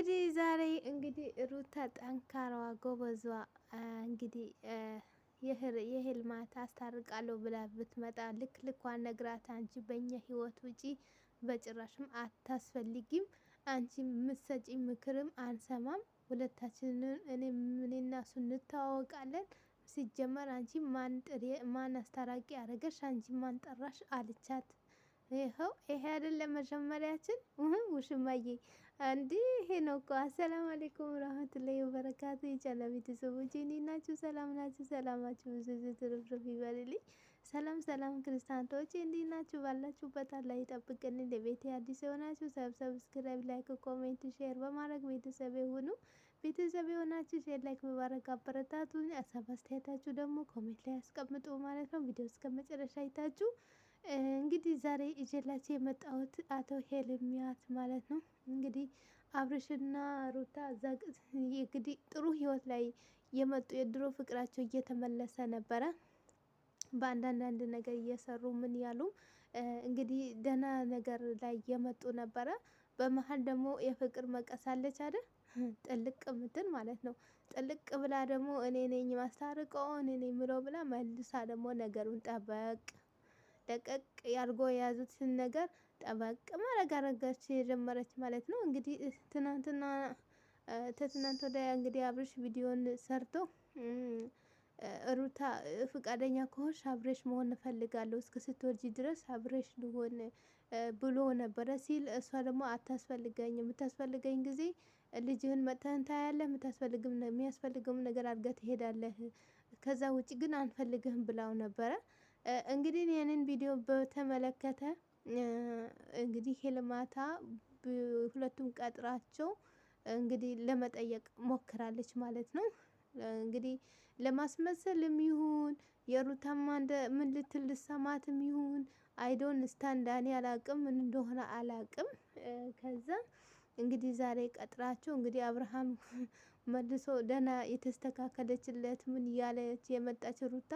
እንግዲህ ዛሬ እንግዲህ ሩታ ጠንካራዋ ጎበዟ እንግዲህ ማታ አስታርቃለሁ ብላ ብትመጣ ልክ ልኳን ነግራት፣ አንቺ በእኛ ህይወት ውጪ በጭራሽም አታስፈልጊም፣ አንቺ ምሰጪ ምክርም አንሰማም፣ ሁለታችንን እኔና እሱ እንተዋወቃለን፣ ሲጀመር አንቺ ማን አስታራቂ አረገሽ፣ አንቺ ማን ጠራሽ አልቻት። ይኸው ይሄ አይደለም መጀመሪያችን። ውሽማዬ እንዲህ ይሄ ነው እኮ። አሰላም አለይኩም ረህመቱላሂ ወበረካቱ። የቻለ ቤተሰቦች እንዴት ናችሁ? ሰላም ናችሁ? ሰላማችሁ ብዙ ትርፍርፍ ይበልልኝ። ሰላም ሰላም ክርስቲያንቶች እንዴት ናችሁ? ባላችሁበት አላህ ይጠብቅን። ለቤት አዲስ የሆናችሁ ሰብ ሰብስክራይብ፣ ላይክ፣ ኮሜንት፣ ሼር በማድረግ ቤተሰብ የሆኑ ቤተሰብ የሆናችሁ ሼር፣ ላይክ በማድረግ አበረታቱኝ። ሀሳብ አስተያየታችሁ ደግሞ ኮሜንት ላይ አስቀምጡ ማለት ነው። ቪዲዮ እስከ መጨረሻ አይታችሁ እንግዲህ ዛሬ እጀላቸው የመጣሁት አቶ ሄልሚያት ማለት ነው። እንግዲህ አብርሽና ሩታ እዛ እንግዲህ ጥሩ ህይወት ላይ የመጡ የድሮ ፍቅራቸው እየተመለሰ ነበረ። በአንዳንዳንድ ነገር እየሰሩ ምን ያሉ እንግዲህ ደህና ነገር ላይ የመጡ ነበረ። በመሀል ደግሞ የፍቅር መቀስ አለች አይደል? ጥልቅ ምትል ማለት ነው። ጥልቅ ብላ ደግሞ እኔ ነኝ ማስታርቀው እኔ ነኝ ምለው ብላ መልሳ ደግሞ ነገሩን ጠበቅ ደቀቅ ያርጎ የያዙትን ነገር ጠበቅ ማድረግ አረጋች የጀመረች ማለት ነው። እንግዲህ ትናንትና ተትናንት ወዲያ እንግዲህ አብርሽ ቪዲዮን ሰርቶ ሩታ ፍቃደኛ ከሆንሽ አብሬሽ መሆን እፈልጋለሁ እስከ ስትወልጂ ድረስ አብሬሽ ልሆን ብሎ ነበረ ሲል፣ እሷ ደግሞ አታስፈልገኝ፣ የምታስፈልገኝ ጊዜ ልጅህን መጥተህን ታያለህ፣ የምታስፈልግም የሚያስፈልገውም ነገር አድርገህ ትሄዳለህ፣ ከዛ ውጭ ግን አንፈልግህም ብላው ነበረ። እንግዲህ ይህንን ቪዲዮ በተመለከተ እንግዲህ ሄልማታ ሁለቱም ቀጥራቸው እንግዲህ ለመጠየቅ ሞክራለች ማለት ነው። እንግዲህ ለማስመሰልም ይሁን የሩታማ እንደ ምን ልትል ልሰማትም ይሁን አይዶን ስታንዳኒ አላቅም ምን እንደሆነ አላቅም። ከዛ እንግዲህ ዛሬ ቀጥራቸው እንግዲህ አብርሃም መልሶ ደህና የተስተካከለችለት ምን እያለች የመጣች ሩታ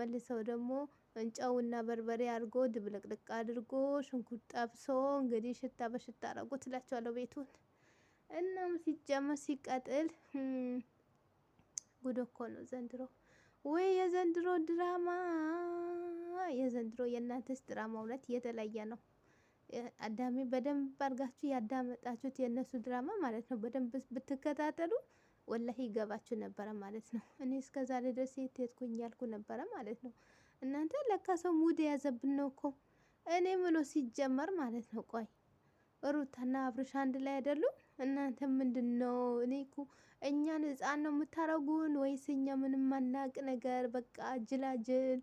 መልሰው ደግሞ ጨውና በርበሬ አድርጎ ድብልቅልቅ አድርጎ ሽንኩርት ጠብሶ እንግዲህ ሽታ በሽታ አድርጎ ትላቸዋለሁ ቤቱን። እናም ሲጀመር ሲቀጥል ጉድ እኮ ነው ዘንድሮ። ወይ የዘንድሮ ድራማ የዘንድሮ የእናንተስ ድራማ እውነት እየተለየ ነው። አዳሚ በደንብ አድርጋችሁ ያዳመጣችሁት የእነሱ ድራማ ማለት ነው። በደንብ ብትከታተሉ ወላሂ ይገባችሁ ነበረ ማለት ነው። እኔ እስከዛሬ ድረስ የት ሄድኩኝ ያልኩ ነበረ ማለት ነው። እናንተ ለካ ሰው ሙድ የያዘብን ነው እኮ እኔ ምሎ ሲጀመር ማለት ነው። ቆይ ሩታና አብርሽ አንድ ላይ አይደሉም? እናንተ ምንድን ነው? እኔ እኮ እኛን ህፃን ነው የምታረጉን ወይስ እኛ ምንም ማናቅ ነገር በቃ ጅላጅል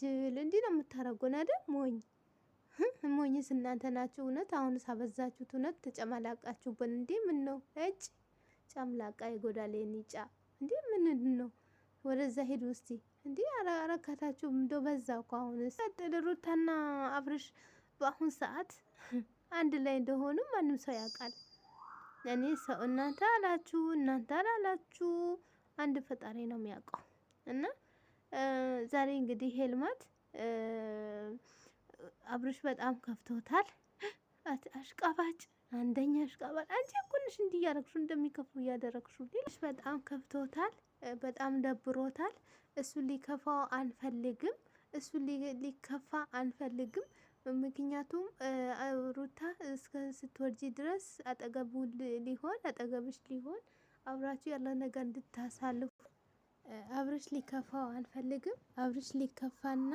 ጅል እንዲህ ነው የምታረጉን አይደል? ሞኝ ሞኝስ እናንተ ናችሁ። እውነት አሁን ሳበዛችሁት፣ እውነት ተጨማላቃችሁብን። እንዴ ምን ነው እጭ ጨምላቃ የጎዳሌ ኒጫ እንዴ ምንድን ነው? ወደዛ ሄዱ ውስቲ እንዲ አረከታችሁ እንዶ በዛ እኮ አሁን ቀጥል። ሩታና አብርሽ በአሁን ሰዓት አንድ ላይ እንደሆኑ ማንም ሰው ያውቃል። እኔ ሰው እናንተ አላችሁ እናንተ አላላችሁ አንድ ፈጣሪ ነው የሚያውቀው። እና ዛሬ እንግዲህ ሄልማት አብርሽ በጣም ከፍቶታል። አሽቃባጭ አንደኛ አሽቃባጭ። አንቺ ኩንሽ ነሽ እንዲህ እያረግሹ እንደሚከፍሉ እያደረግሹ ልሽ በጣም ከፍቶታል። በጣም ደብሮታል። እሱን ሊከፋው አንፈልግም። እሱን ሊከፋ አንፈልግም። ምክንያቱም ሩታ እስከ ስትወርጂ ድረስ አጠገቡ ሊሆን አጠገብሽ ሊሆን አብራችሁ ያለ ነገር እንድታሳልፉ አብርሽ ሊከፋው አልፈልግም። አብርሽ ሊከፋና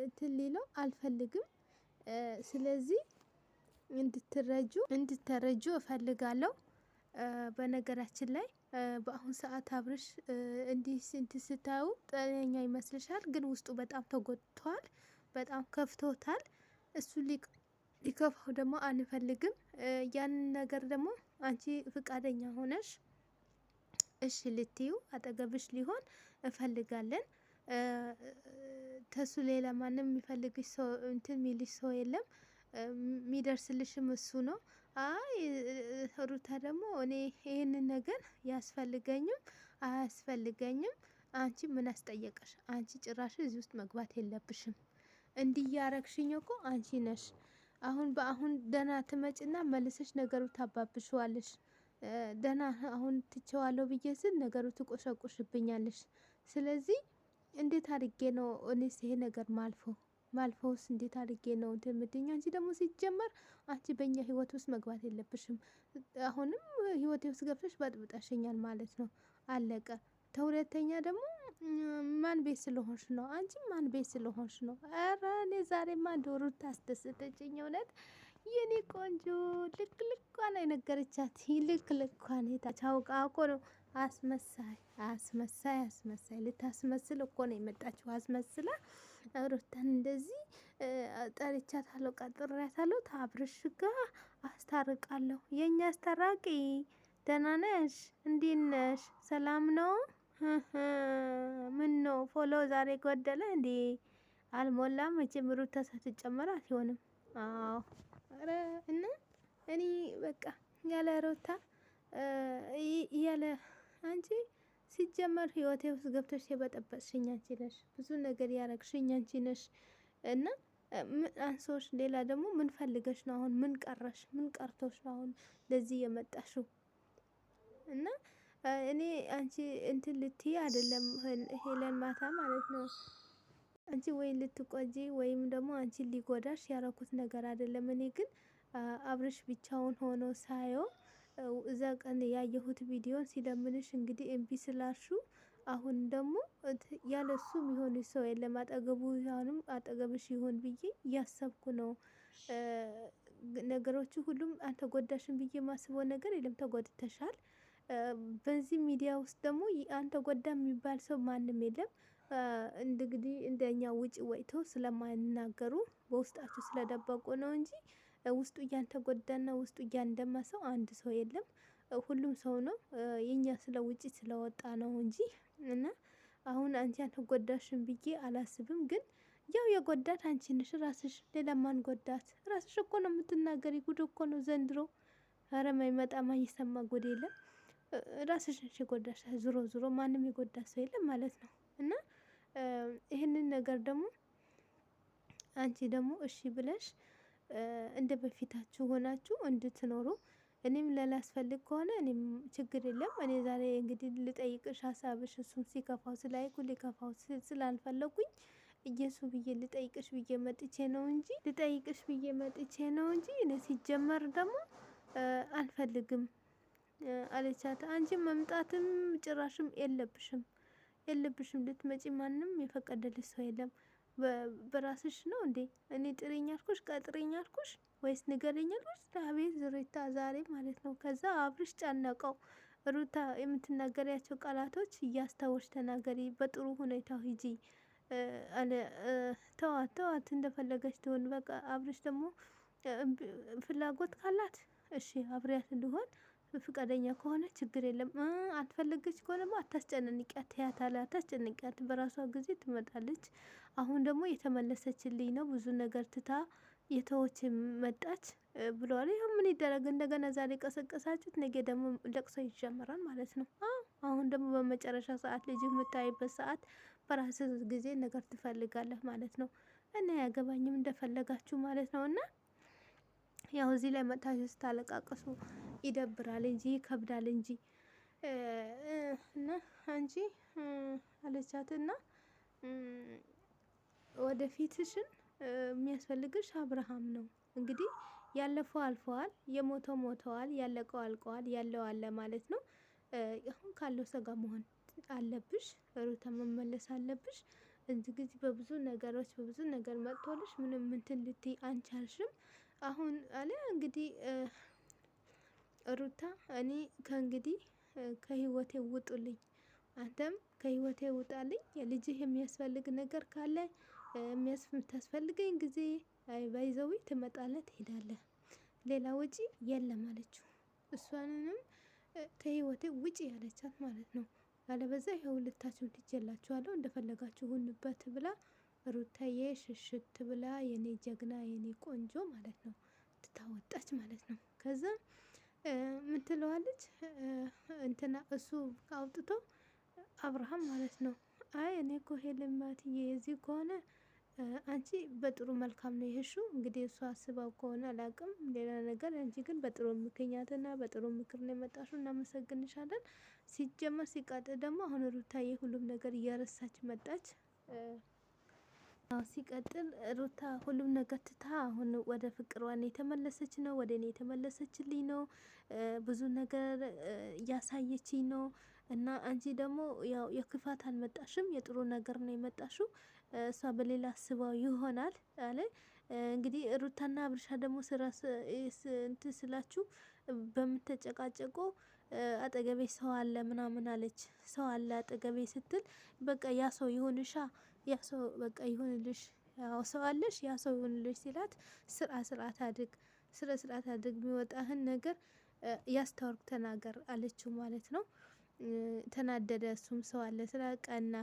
እንትን ሊለው አልፈልግም። ስለዚህ እንድትረጁ እንድትረጁ እፈልጋለሁ። በነገራችን ላይ በአሁን ሰዓት አብርሽ እንዲህ ስንት ስታዩ ጤነኛ ይመስልሻል? ግን ውስጡ በጣም ተጎድቷል፣ በጣም ከፍቶታል። እሱ ሊከፋው ደግሞ አንፈልግም። ያን ነገር ደግሞ አንቺ ፍቃደኛ ሆነሽ እሺ ልትዩ አጠገብሽ ሊሆን እፈልጋለን። ተሱ ሌላ ማንም የሚፈልግሽ ሰው እንትን የሚልሽ ሰው የለም። የሚደርስልሽም እሱ ነው። አይ ሩታ ደግሞ እኔ ይህንን ነገር ያስፈልገኝም አያስፈልገኝም፣ አንቺ ምን አስጠየቀሽ? አንቺ ጭራሽ እዚህ ውስጥ መግባት የለብሽም። እንዲያረግሽኝ እኮ አንቺ ነሽ። አሁን በአሁን ደህና ትመጭና መልሰሽ ነገሩ ታባብሸዋለሽ። ደህና አሁን ትቸዋለሁ ብዬ ስል ነገሩ ትቆሸቁሽብኛለሽ። ስለዚህ እንዴት አድርጌ ነው እኔስ ይሄ ነገር ማልፈው? ማልፈውስ እንዴት አድርጌ ነው እንትን የምትኛ? አንቺ ደግሞ ሲጀመር አንቺ በእኛ ህይወት ውስጥ መግባት የለብሽም። አሁንም ህይወት ውስጥ ገብተሽ በጥብጠሽኛል ማለት ነው። አለቀ። ተሁለተኛ ደግሞ ማን ቤት ስለሆንሽ ነው? አንቺ ማን ቤት ስለሆንሽ ነው? ኧረ እኔ ዛሬማ ዶሮ ታስደሰተችኝ። እውነት የኔ ቆንጆ ልክ ልኳን የነገረቻት ልክ ልኳን ታውቃ እኮ ነው። አስመሳይ አስመሳይ አስመሳይ ልታስመስል እኮ ነው የመጣችው አስመስላ ሩታን እንደዚህ ጠርቻታለሁ፣ ቀጥሬያታለሁ፣ ታብርሽ ጋ አስታርቃለሁ። የእኛ አስታራቂ ደህና ነሽ? እንዴት ነሽ? ሰላም ነው? ምን ነው ፎሎ ዛሬ ጎደለ እንዴ? አልሞላም መቼም ሩታ ሳትጨመር አትሆንም። አዎ ኧረ እና እኔ በቃ ያለ ሩታ ያለ አንቺ ሲጀመር ህይወቴ ውስጥ ገብተሽ የበጠበጥሽኝ አንቺ ነሽ፣ ብዙ ነገር ያረግሽኝ አንቺ ነሽ እና አንሶች ሌላ ደግሞ ምን ፈልገሽ ነው አሁን? ምን ቀረሽ? ምን ቀርቶሽ ነው አሁን ለዚህ የመጣሽው? እና እኔ አንቺ እንትን ልትይ አይደለም ሄለን ማታ ማለት ነው አንቺ ወይ ልትቆጂ ወይም ደግሞ አንቺ ሊጎዳሽ ያረኩት ነገር አይደለም። እኔ ግን አብርሽ ብቻውን ሆኖ ሳየው እዛ ቀን ያየሁት ቪዲዮን ሲለምንሽ እንግዲህ እምቢ ስላሹ አሁን ደግሞ ያለሱ የሚሆን ሰው የለም። አጠገቡ አሁንም አጠገብሽ ይሆን ብዬ እያሰብኩ ነው። ነገሮቹ ሁሉም አልተጎዳሽም ብዬ ማስበው ነገር የለም። ተጎድተሻል። በዚህ ሚዲያ ውስጥ ደግሞ አንተ ጎዳ የሚባል ሰው ማንም የለም። እንግዲህ እንደኛ ውጭ ወጥተው ስለማይናገሩ በውስጣቸው ስለደበቁ ነው እንጂ ውስጡ እያንተጎዳና ውስጡ እያንደማ ሰው አንድ ሰው የለም። ሁሉም ሰው ነው። የእኛ ስለ ውጪ ስለወጣ ነው እንጂ እና አሁን አንቺ አልተጎዳሽም ብዬ አላስብም። ግን ያው የጎዳት አንቺ ነሽ ራስሽ። ሌላ ማን ጎዳት? ራስሽ እኮ ነው የምትናገር። ጉድ እኮ ነው ዘንድሮ። ኧረ ማይመጣ ማይሰማ ጉድ የለም። ራስሽ ነሽ የጎዳሽ። ዞሮ ዞሮ ማንም የጎዳት ሰው የለም ማለት ነው እና ይህንን ነገር ደግሞ አንቺ ደግሞ እሺ ብለሽ እንደ በፊታችሁ ሆናችሁ እንድትኖሩ እኔም ለላስፈልግ ከሆነ እኔም ችግር የለም። እኔ ዛሬ እንግዲህ ልጠይቅሽ ሀሳብሽ እሱም ሲከፋው ስላይኩ ሊከፋው ስላልፈለጉኝ እየሱ ብዬ ልጠይቅሽ ብዬ መጥቼ ነው እንጂ ልጠይቅሽ ብዬ መጥቼ ነው እንጂ እኔ ሲጀመር ደግሞ አልፈልግም አለቻት። አንቺ መምጣትም ጭራሽም የለብሽም የለብሽም ልትመጪ ማንም የፈቀደልሽ ሰው የለም። በራስሽ ነው እንዴ? እኔ ጥሬኝ አልኩሽ ቀጥሪኝ አልኩሽ ወይስ ንገረኝ አልኩሽ? አቤት ዙሪታ ዛሬ ማለት ነው። ከዛ አብርሽ ጨነቀው። ሩታ የምትናገሪያቸው ቃላቶች እያስታወሽ ተናገሪ፣ በጥሩ ሁኔታ ሂጂ አለ። ተዋት ተዋት፣ እንደፈለገች ትሆን። በቃ አብርሽ ደግሞ ፍላጎት ካላት እሺ አብሬያት እንድሆን ፍቃደኛ ከሆነ ችግር የለም። አትፈልገች ከሆነ ደግሞ አታስጨንቂያት፣ ትያታለ አታስጨንቂያት፣ በራሷ ጊዜ ትመጣለች። አሁን ደግሞ የተመለሰችልኝ ነው ብዙ ነገር ትታ የተወች መጣች ብለዋል። ይህ ምን ይደረግ? እንደገና ዛሬ ቀሰቀሳችሁት፣ ነገ ደግሞ ለቅሶ ይጀምራል ማለት ነው። አሁን ደግሞ በመጨረሻ ሰዓት ልጅ የምታይበት ሰዓት በራስ ጊዜ ነገር ትፈልጋለህ ማለት ነው። እና ያገባኝም እንደፈለጋችሁ ማለት ነው እና ያው እዚህ ላይ መጥታችሁ ስታለቃቅሱ ይደብራል እንጂ ይከብዳል እንጂ እና አንቺ አለቻትና ወደፊትሽን የሚያስፈልግሽ አብርሃም ነው። እንግዲህ ያለፈው አልፈዋል፣ የሞተው ሞተዋል፣ ያለቀው አልቀዋል፣ ያለው አለ ማለት ነው። አሁን ካለው ሰጋ መሆን አለብሽ፣ ሩታ መመለስ አለብሽ። እዚህ ጊዜ በብዙ ነገሮች በብዙ ነገር መጥቶልሽ ምንም እንትን ልትይ አንቻልሽም። አሁን አለ እንግዲህ ሩታ እኔ ከእንግዲህ ከህይወቴ ውጡልኝ፣ አንተም ከህይወቴ ውጣልኝ። ልጅህ የሚያስፈልግ ነገር ካለ የምታስፈልገኝ ጊዜ ባይዘዊ ትመጣለህ፣ ትሄዳለህ፣ ሌላ ወጪ የለም አለችው። እሷንንም ከህይወቴ ውጪ ያለቻት ማለት ነው። አለበዛ ይኸው ሁለታችሁን ትቼላችኋለሁ እንደፈለጋችሁ ሁንበት ብላ ሩታዬ ሽሽት ብላ የኔ ጀግና የኔ ቆንጆ ማለት ነው ትታወጣች ማለት ነው። ከዛ ምን ትለዋለች እንትና እሱ አውጥቶ አብርሃም ማለት ነው አይ እኔ እኮ ሄልማትዬ የዚህ ከሆነ አንቺ በጥሩ መልካም ነው ይህሹ። እንግዲህ እሱ አስባው ከሆነ አላቅም ሌላ ነገር፣ አንቺ ግን በጥሩ ምክንያትና በጥሩ ምክር ነው የመጣሹ። እናመሰግንሻለን። ሲጀመር ሲቃጥ ደግሞ አሁን ሩታዬ ሁሉም ነገር እያረሳች መጣች። አዎ ሲቀጥል ሩታ ሁሉም ነገር ትታ አሁን ወደ ፍቅሯን የተመለሰች ነው። ወደ እኔ የተመለሰችልኝ ነው። ብዙ ነገር እያሳየችኝ ነው። እና አንቺ ደግሞ ያው የክፋት አልመጣሽም፣ የጥሩ ነገር ነው የመጣሽው። እሷ በሌላ አስባው ይሆናል አለ እንግዲህ ሩታና አብርሻ ደግሞ ስራ እንትን ስላችሁ በምትጨቃጨቁ አጠገቤ ሰው አለ ምናምን አለች። ሰው አለ አጠገቤ ስትል በቃ ያ ሰው ይሁንሻ ያ ሰው በቃ ይሁንልሽ፣ ያው ሰው አለሽ፣ ያ ሰው ይሁንልሽ ሲላት ስራ ስርዓት አድግ፣ ስለ ስርዓት አድግ፣ የሚወጣህን ነገር ያስታወርክ ተናገር አለችው ማለት ነው። ተናደደ። እሱም ሰው አለ ስራ ቀና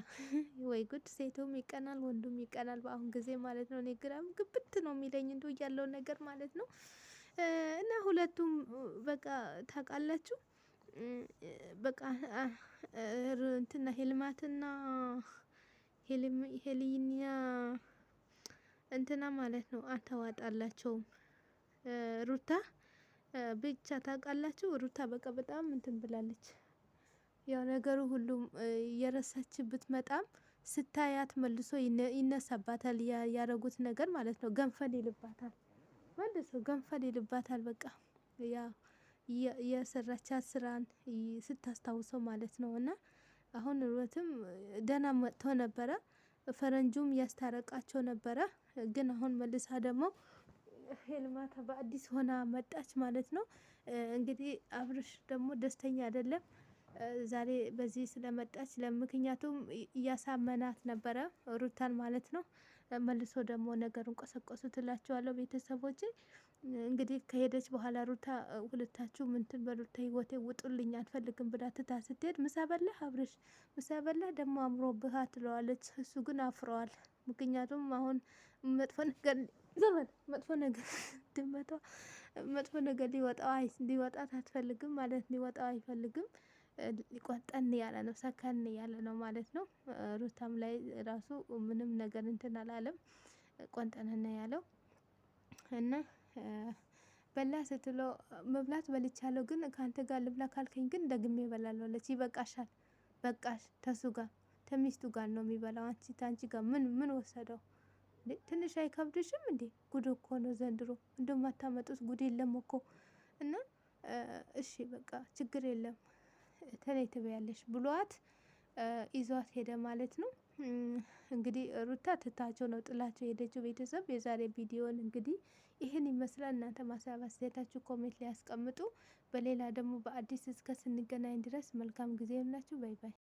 ወይ ጉድ! ሴቱም ይቀናል ወንዱም ይቀናል በአሁን ጊዜ ማለት ነው። እኔ ግራም ግብት ነው የሚለኝ እንዲሁ ያለው ነገር ማለት ነው። እና ሁለቱም በቃ ታውቃላችሁ፣ በቃ እንትና ሄልማትና ሄሊና እንትና ማለት ነው አልተዋጣላቸውም። ሩታ ብቻ ታውቃላችሁ፣ ሩታ በቃ በጣም እንትን ብላለች። ያው ነገሩ ሁሉም የረሳች ብትመጣም ስታያት መልሶ ይነሳባታል። ያረጉት ነገር ማለት ነው ገንፈል ይልባታል፣ መልሶ ገንፈል ይልባታል። በቃ ያ የሰራቻት ስራን ስታስታውሰው ማለት ነው እና አሁን ሩትም ደህና መጥቶ ነበረ። ፈረንጁም ያስታረቃቸው ነበረ። ግን አሁን መልሳ ደግሞ ሄልማታ በአዲስ ሆና መጣች ማለት ነው። እንግዲህ አብርሽ ደግሞ ደስተኛ አይደለም ዛሬ በዚህ ስለመጣች። ለምክንያቱም እያሳመናት ነበረ ሩታን ማለት ነው። መልሶ ደግሞ ነገሩን ቆሰቆሱ ትላቸዋለሁ ቤተሰቦቼ። እንግዲህ ከሄደች በኋላ ሩታ ሁለታችሁ እንትን በሉት ህይወቴ ውጡልኝ አልፈልግም ብላ ትታ ስትሄድ ምሳ በላህ አብርሽ ምሳ በላህ ደግሞ አምሮብህ ትለዋለች። እሱ ግን አፍረዋል። ምክንያቱም አሁን መጥፎ ነገር ዘመን መጥፎ ነገር ድመቷ መጥፎ ነገር ሊወጣው አይ ሊወጣት አትፈልግም ማለት ሊወጣው አይፈልግም። ሊቆጠን ያለ ነው ሰከን ያለ ነው ማለት ነው። ሩታም ላይ ራሱ ምንም ነገር እንትን አላለም። ቆንጠነና ያለው እና በላ ስትለው መብላት በልቻለሁ፣ ግን ከአንተ ጋር ልብላ ካልከኝ ግን ደግሜ እበላለሁ አለች። ይበቃሻል፣ በቃሽ። ተሱ ጋር ተሚስቱ ጋር ነው የሚበላው። አንቺ ታንቺ ጋር ምን ምን ወሰደው? ትንሽ አይከብድሽም እንዴ? ጉድ እኮ ነው ዘንድሮ። እንደማታመጡት ጉድ የለም እኮ እና እሺ በቃ ችግር የለም ተለይ ትበያለሽ ብሏት ይዟት ሄደ ማለት ነው። እንግዲህ ሩታ ትታቸው ነው ጥላቸው የሄደችው። ቤተሰብ የዛሬ ቪዲዮን እንግዲህ ይህን ይመስላል። እናንተ ማሳብ አስተያየታችሁ ኮሜንት ላይ ያስቀምጡ። በሌላ ደግሞ በአዲስ እስከ ስንገናኝ ድረስ መልካም ጊዜ ይሁንላችሁ። ባይ ባይ።